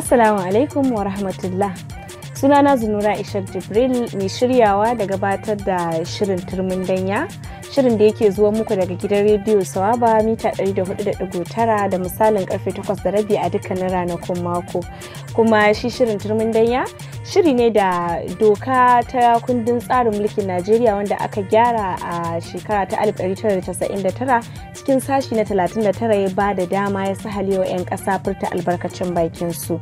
Assalamu alaikum wa rahmatullah. Sunana Zunura Ishar Jibril mai shiryawa da gabatar da shirin turmin danya. Shirin da yake zuwa muku daga gidan rediyo Sawaba mita 104.9 da misalin karfe 8 da rabi a dukkanin ranakun mako. Kuma shi shirin turmin danya shiri ne da doka ta kundin tsarin mulkin najeriya wanda aka gyara a shekara ta 1999 cikin sashi na 39 ya ba da dama ya sahalewa 'yan kasa furta albarkacin bakin su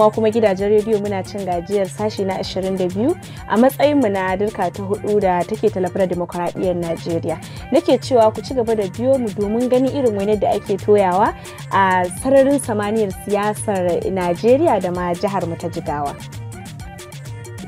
ma kuma gidajen rediyo muna cin gajiyar sashi na 22 a matsayin mu na dirka ta hudu da take talafar demokuraɗiyyar najeriya nake cewa ku ci gaba da biyo mu domin ganin irin wani da ake toyawa a sararin samaniyar siyasar najeriya da ma jihar mu ta jigawa.